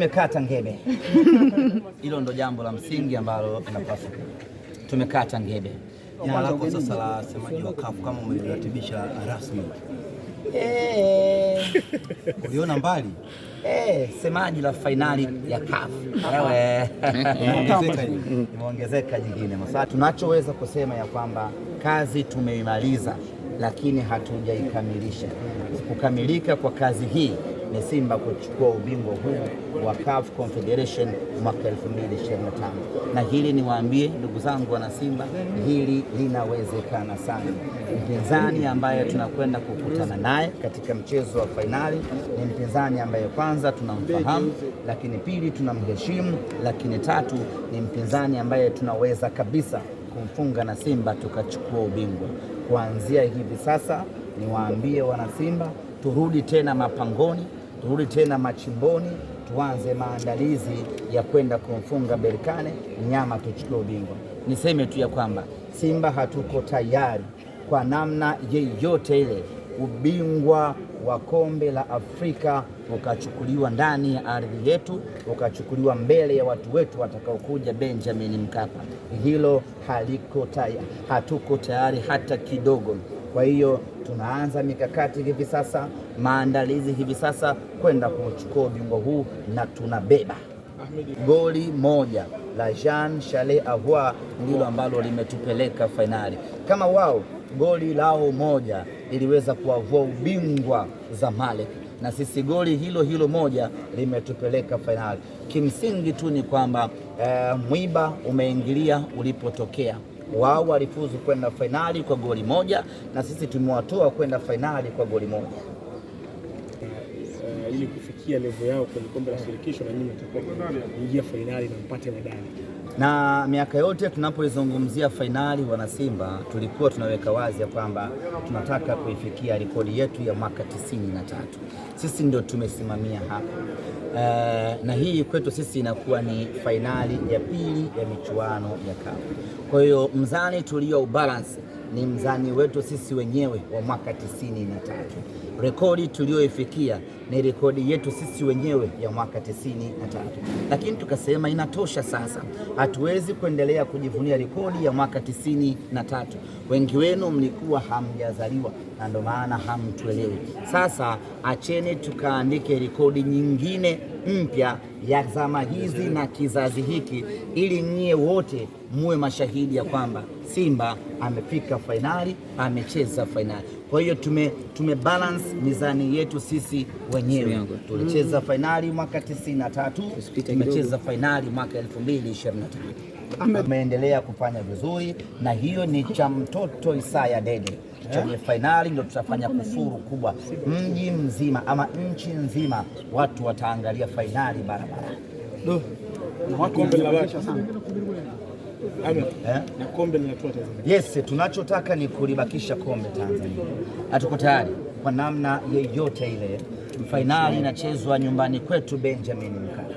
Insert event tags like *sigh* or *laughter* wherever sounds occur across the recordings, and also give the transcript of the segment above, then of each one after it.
tumekata ngebe. *laughs* Hilo ndo jambo la msingi ambalo tunapaswa, tumekata ngebe. Jina lako sasa la semaji wa kafu kama umeliratibisha rasmi eh. uliona mbali eh. semaji la fainali ya CAF imeongezeka jingine. Sasa tunachoweza kusema ya kwamba kazi tumeimaliza, lakini hatujaikamilisha. Kukamilika kwa kazi hii ni Simba kuchukua ubingwa huu wa CAF Confederation mwaka 2025. Na hili niwaambie ndugu zangu wana Simba, hili linawezekana sana. Mpinzani ambaye tunakwenda kukutana naye katika mchezo wa fainali ni mpinzani ambaye kwanza tunamfahamu, lakini pili tunamheshimu, lakini tatu ni mpinzani ambaye tunaweza kabisa kumfunga na Simba tukachukua ubingwa. Kuanzia hivi sasa niwaambie wana Simba, turudi tena mapangoni turudi tena machimboni, tuanze maandalizi ya kwenda kumfunga Berkane mnyama, tuchukue ubingwa. Niseme tu ya kwamba Simba hatuko tayari kwa namna yeyote ile ubingwa wa kombe la Afrika ukachukuliwa ndani ya ardhi yetu, ukachukuliwa mbele ya watu wetu watakaokuja Benjamin Mkapa. Hilo haliko tayari, hatuko tayari hata kidogo. Kwa hiyo tunaanza mikakati hivi sasa, maandalizi hivi sasa kwenda kuchukua ubingwa huu na tunabeba goli moja la Jean Charles Ahoua ndilo ambalo limetupeleka fainali. Kama wao goli lao moja iliweza kuwavua ubingwa Zamalek, na sisi goli hilo hilo moja limetupeleka fainali. Kimsingi tu ni kwamba e, mwiba umeingilia ulipotokea wao walifuzu kwenda fainali kwa goli moja na sisi tumewatoa kwenda fainali kwa goli moja eh, ili kufikia level yao kwenye kombe la shirikisho na nyinyi mtakuwa kuingia fainali na mpate medali na miaka yote tunapoizungumzia fainali, wana Simba tulikuwa tunaweka wazi ya kwamba tunataka kuifikia rekodi yetu ya mwaka tisini na tatu. Sisi ndio tumesimamia hapa e, na hii kwetu sisi inakuwa ni fainali ya pili ya michuano ya kafu. Kwa hiyo mzani tulio ubalansi ni mzani wetu sisi wenyewe wa mwaka tisini na tatu. Rekodi tuliyoifikia ni rekodi yetu sisi wenyewe ya mwaka tisini na tatu, lakini tukasema inatosha sasa, hatuwezi kuendelea kujivunia rekodi ya mwaka tisini na tatu. Wengi wenu mlikuwa hamjazaliwa na ndo maana hamtuelewi. Sasa acheni tukaandike rekodi nyingine mpya ya zama hizi na kizazi hiki, ili nyie wote muwe mashahidi ya kwamba Simba amefika fainali, amecheza fainali. Kwa hiyo tume, tume balance mizani yetu sisi wenyewe. Tulicheza fainali mwaka 93, tumecheza fainali mwaka 2023 ameendelea kufanya vizuri, na hiyo ni cha mtoto Isaya Dede kwenye eh? fainali ndio tutafanya kufuru kubwa, mji mzima ama nchi nzima, watu wataangalia fainali barabara eh? Yes, tunachotaka ni kulibakisha kombe Tanzania. Hatuko tayari kwa namna yeyote ile. Fainali inachezwa nyumbani kwetu Benjamin Mkapa,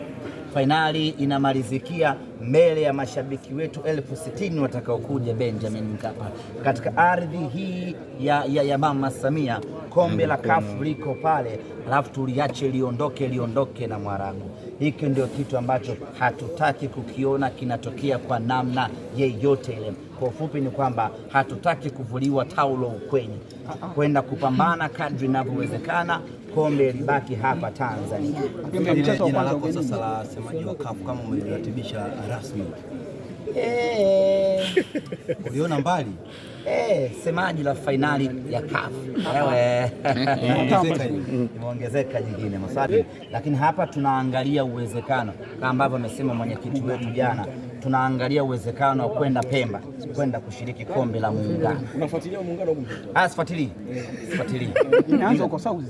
fainali inamalizikia mbele ya mashabiki wetu elfu sitini watakaokuja Benjamin Mkapa katika ardhi hii ya, ya, ya Mama Samia. Kombe la kafu liko pale, alafu tuliache liondoke, liondoke na mwaragu. Hiki ndio kitu ambacho hatutaki kukiona kinatokea kwa namna yeyote ile. Kwa ufupi ni kwamba hatutaki kuvuliwa taulo ukwenye kwenda kupambana kadri inavyowezekana, kombe libaki hapa Tanzania. Jina lako sasa la semaji wa kafu kama umeratibisha rasmi. Eh. *laughs* Uliona mbali? Eh, semaji la fainali ya CAF. Ewe. *laughs* Imeongezeka jingine Masadi, lakini hapa tunaangalia uwezekano kama ambavyo amesema mwenyekiti wetu jana, tunaangalia uwezekano wa kwenda Pemba kwenda kushiriki kombe la Muungano. Unafuatilia Muungano? Ah, sifuatilii. Eh. Sifuatilii. Inaanza kwa South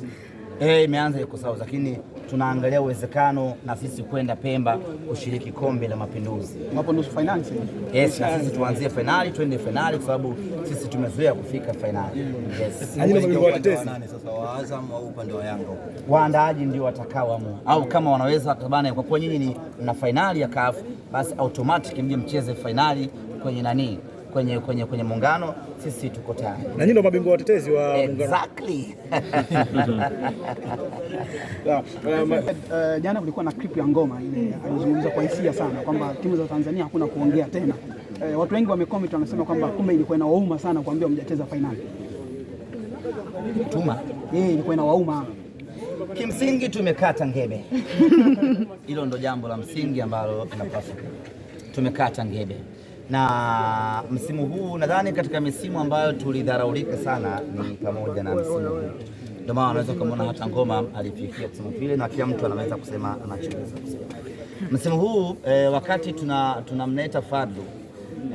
eh, imeanza iko sawa, lakini tunaangalia uwezekano na sisi kwenda Pemba kushiriki kombe la Mapinduzi. nusu finali. Yes, na sisi tuanzie finali, twende finali kwa sababu sisi tumezoea kufika finali. Yes. Sasa wa Azam au upande wa Yanga. Waandaaji ndio watakaoamua au kama wanaweza tabana, kwa kuwa nyinyi ni na finali ya CAF basi automatic mje mcheze finali kwenye nani kwenye, kwenye, kwenye muungano sisi tuko tayari. Na nyinyi ndio mabingwa watetezi wa muungano. Exactly. *laughs* Eh, eh, jana kulikuwa na clip ya ngoma ile alizungumza kwa hisia sana kwamba timu za Tanzania hakuna kuongea tena. E, watu wengi wamecomment wanasema kwamba kumbe ilikuwa na wauma sana kuambia mjacheza fainali tuma. Eh, ilikuwa na wauma kimsingi, tumekata ngebe *laughs* hilo ndo jambo la msingi ambalo tunapaswa tumekata ngebe na msimu huu nadhani katika misimu ambayo tulidharaulika sana ni pamoja na msimu huu. Ndio maana unaweza ukamwona hata ngoma alifikia kusema vile, na kila mtu anaweza kusema anachoweza kusema msimu huu e, wakati tunamleta tuna Fadlu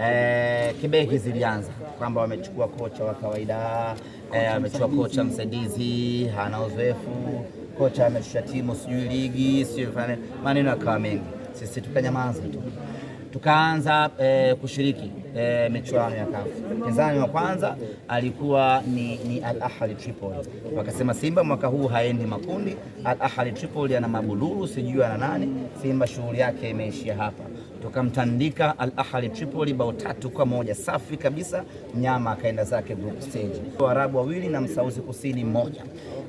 e, kibeki zilianza kwamba wamechukua kocha wa kawaida e, amechukua kocha msaidizi hana uzoefu, kocha ameshusha timu sijui ligi sijui maneno yakawa mengi, sisi tukanyamaza tu tukaanza e, kushiriki e, michuano ya CAF. Mpinzani wa kwanza alikuwa ni, ni Al Ahli Tripoli, wakasema Simba mwaka huu haendi makundi. Al Ahli Tripoli ana mabululu sijui ana nani. Simba shughuli yake imeishia hapa tukamtandika Al ahali Tripoli bao tatu kwa moja safi kabisa. Mnyama akaenda zake group stage, Waarabu wawili na Msauzi Kusini mmoja.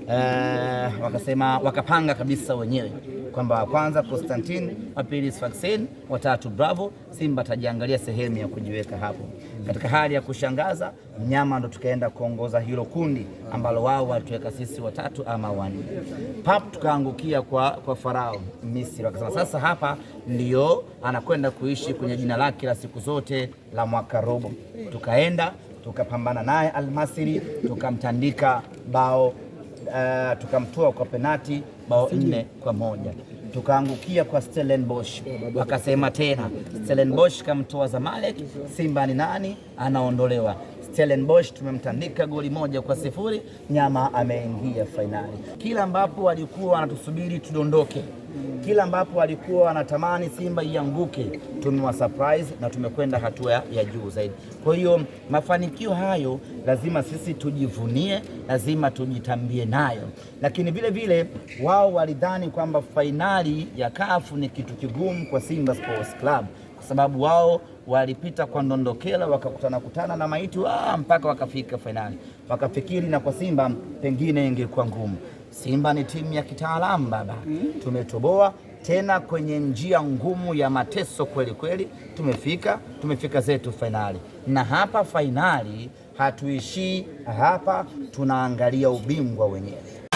Uh, wakasema wakapanga kabisa wenyewe kwamba kwanza Constantine, wa pili Sfaxien, watatu Bravo. Simba atajiangalia sehemu ya kujiweka hapo. Katika hali ya kushangaza, mnyama ndo tukaenda kuongoza hilo kundi ambalo wao walituweka sisi watatu ama wanne. Pap tukaangukia kwa, kwa Farao Misri, wakasema sasa hapa ndio anakwenda kuishi kwenye jina lake la siku zote la mwaka robo. Tukaenda tukapambana naye Almasiri, tukamtandika bao uh, eh, tukamtoa kwa penati bao nne kwa moja tukaangukia kwa Stellenbosch, akasema tena Stellenbosch kamtoa Zamalek, Simba ni nani anaondolewa. Stellenbosch tumemtandika goli moja kwa sifuri. Nyama ameingia fainali. Kila ambapo walikuwa wanatusubiri tudondoke, kila ambapo walikuwa wanatamani Simba ianguke, tumewa surprise na tumekwenda hatua ya juu zaidi. Kwa hiyo mafanikio hayo lazima sisi tujivunie, lazima tujitambie nayo, lakini vile vile wao walidhani kwamba fainali ya kafu ni kitu kigumu kwa Simba Sports Club kwa sababu wao walipita kwa Ndondokela wakakutana kutana na maiti wa mpaka wakafika fainali. Wakafikiri na kwa Simba pengine ingekuwa ngumu. Simba ni timu ya kitaalamu baba, mm-hmm. tumetoboa tena kwenye njia ngumu ya mateso kweli kweli, tumefika tumefika zetu fainali, na hapa fainali hatuishii hapa, tunaangalia ubingwa wenyewe.